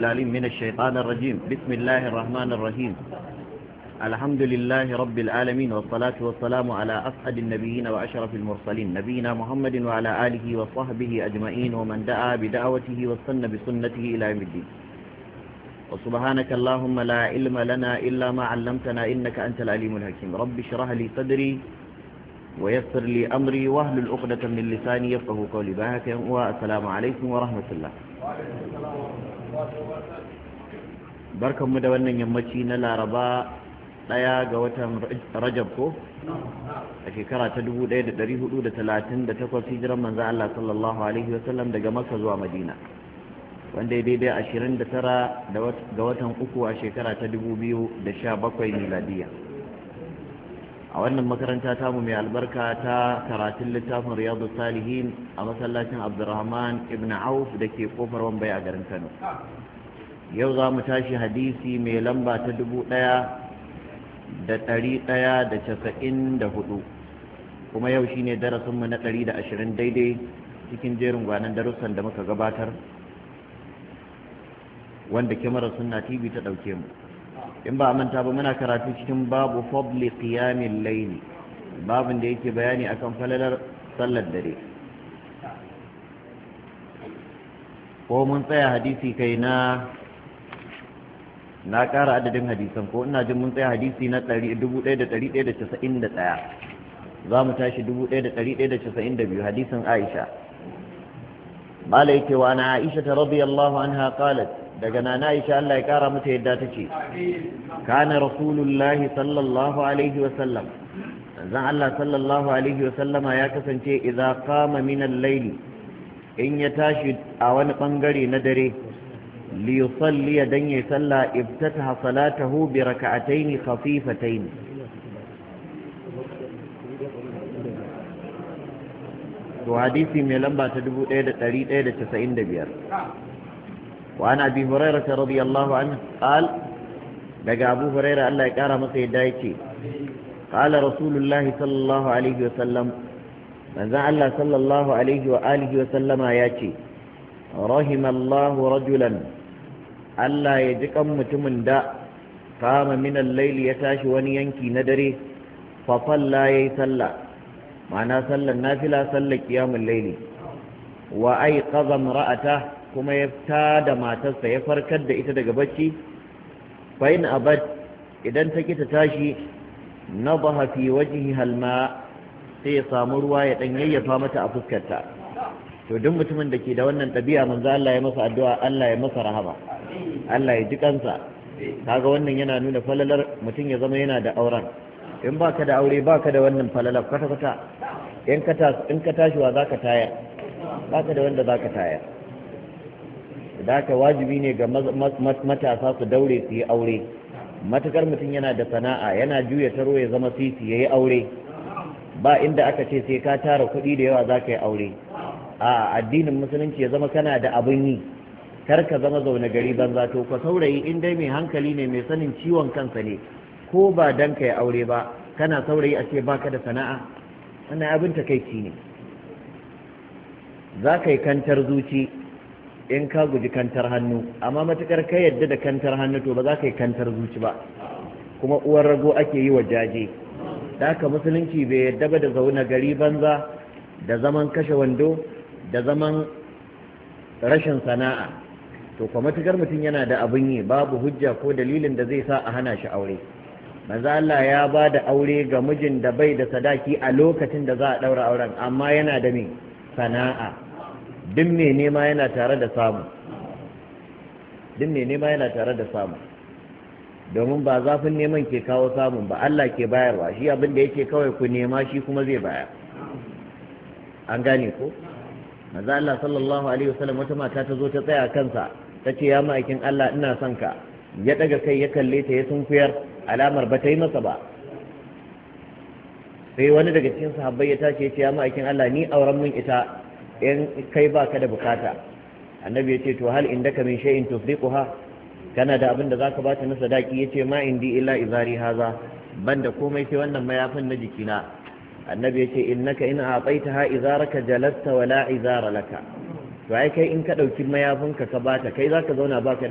العليم من الشيطان الرجيم بسم الله الرحمن الرحيم الحمد لله رب العالمين والصلاة والسلام على أسعد النبيين وأشرف المرسلين نبينا محمد وعلى آله وصحبه أجمعين ومن دعا بدعوته والسنة بسنته إلى يوم الدين وسبحانك اللهم لا علم لنا إلا ما علمتنا إنك أنت العليم الحكيم رب اشرح لي صدري ويسر لي أمري وأهل الأقدة من لساني يفقه قولي باهك والسلام عليكم ورحمة الله بركة مدونا يمتينا لارباء ɗaya ga watan rajab ko a shekara ta 1438 hijiran manzo Allah sallallahu alaihi wasallam daga maka zuwa madina wanda ya daidai 29 ga watan uku a shekara ta 2017 miladiya a wannan makaranta mu mai albarka ta karatun littafin riyadu salihin a masallacin abdurrahman ibn auf da ke kofar wambai a garin kano yau za mu tashi hadisi mai lamba ta dubu daya da dari daya da casa'in da hudu kuma yau shi ne darasinmu na ɗari da ashirin daidai cikin jerin gwanan darussan da muka gabatar wanda kyamarar suna tv ta ɗauke mu in ba a manta ba muna karatu cikin babu fadli qiyamil layli babin da yake bayani akan falalar sallar dare ko mun tsaya hadisi kai na na ƙara adadin hadisan ko ina jin mun tsaya hadisi na 1191 za mu tashi 1192 hadisin Aisha mala yake wa ana Aisha radiyallahu anha qalat daga nana Aisha Allah ya kara mata yadda tace kana rasulullahi sallallahu alaihi wa sallam zan Allah sallallahu alaihi wa sallama ya kasance idza qama min al-layli in ya tashi a wani bangare na dare li yusalli dan ya salla ibtataha salatahu bi rak'atayn khafifatayn to hadisi mai lamba ta 1195 وعن أبي هريرة رضي الله عنه قال لقى أبو هريرة ألا يكارى مسيد دايتي قال رسول الله صلى الله عليه وسلم ماذا الله صلى الله عليه وآله وسلم ياتي رحم الله رجلا ألا يجكم متمن دا قام من الليل يتاش ونينكي ندري فصلى يسلى معنى صلى النافلة صلى قيام الليل وأيقظ امرأته kuma ya fita da matarsa ya farkar da ita daga bacci Fain abad idan ta ki ta tashi na fi wajhi halma sai ya samu ruwa ya dan yayyafa mata a fuskarta to duk mutumin da ke da wannan ɗabi'a manzo Allah ya masa addu'a Allah ya masa rahama Allah ya ji kansa kaga wannan yana nuna falalar mutum ya zama yana da auren in baka da aure baka da wannan falalar kwata kwata in ka tashi wa zaka tayar baka da wanda zaka tayar da haka wajibi ne ga matasa su daure su yi aure matakar mutum yana da sana'a yana juya taro ya zama titi ya yi aure ba inda aka ce sai ka tara kuɗi da yawa za ka yi aure a addinin musulunci ya zama kana da abin yi kar ka zama zaune gari banza to ka saurayi in dai mai hankali ne mai sanin ciwon kansa ne ko ba dan ka yi aure ba kana saurayi a ce baka da sana'a wannan abin takaici ne za ka yi kantar zuci in ka guji kantar hannu amma matukar ka yadda da kantar hannu to ba za ka yi kantar zuci ba kuma uwar rago ake yi wa jaje da haka musulunci bai yadda ba da zaune gari banza da zaman kashe wando da zaman rashin sana'a to kuma matukar mutum yana da abin yi babu hujja ko dalilin da zai sa a hana shi aure Mazala Allah ya ba da aure ga mijin da bai da sadaki a lokacin da za a ɗaura auren amma yana da me sana'a duk mai nema yana tare da samu duk mai nema yana tare da samu domin ba zafin neman ke kawo samun ba Allah ke bayarwa shi abin da yake kawai ku nema shi kuma zai baya an gane ko manzo Allah sallallahu alaihi wasallam wata mata ta zo ta tsaya kansa ta ce ya ma'aikin Allah ina son ka ya daga kai ya kalle ta ya sunkuyar alamar ba ta yi masa ba sai wani daga cikin sahabbai ya tashi ya ce ya ma'aikin Allah ni auren mun ita in kai baka da bukata annabi yace to hal ka min shay'in tufriquha kana da abin da zaka bata na sadaki yace ma indi illa izari haza banda komai sai wannan mayafin na jikina annabi yace innaka in a'taitaha izaraka jalasta wala izara laka to ai kai in ka dauki mayafinka ka bata kai zaka zauna ka da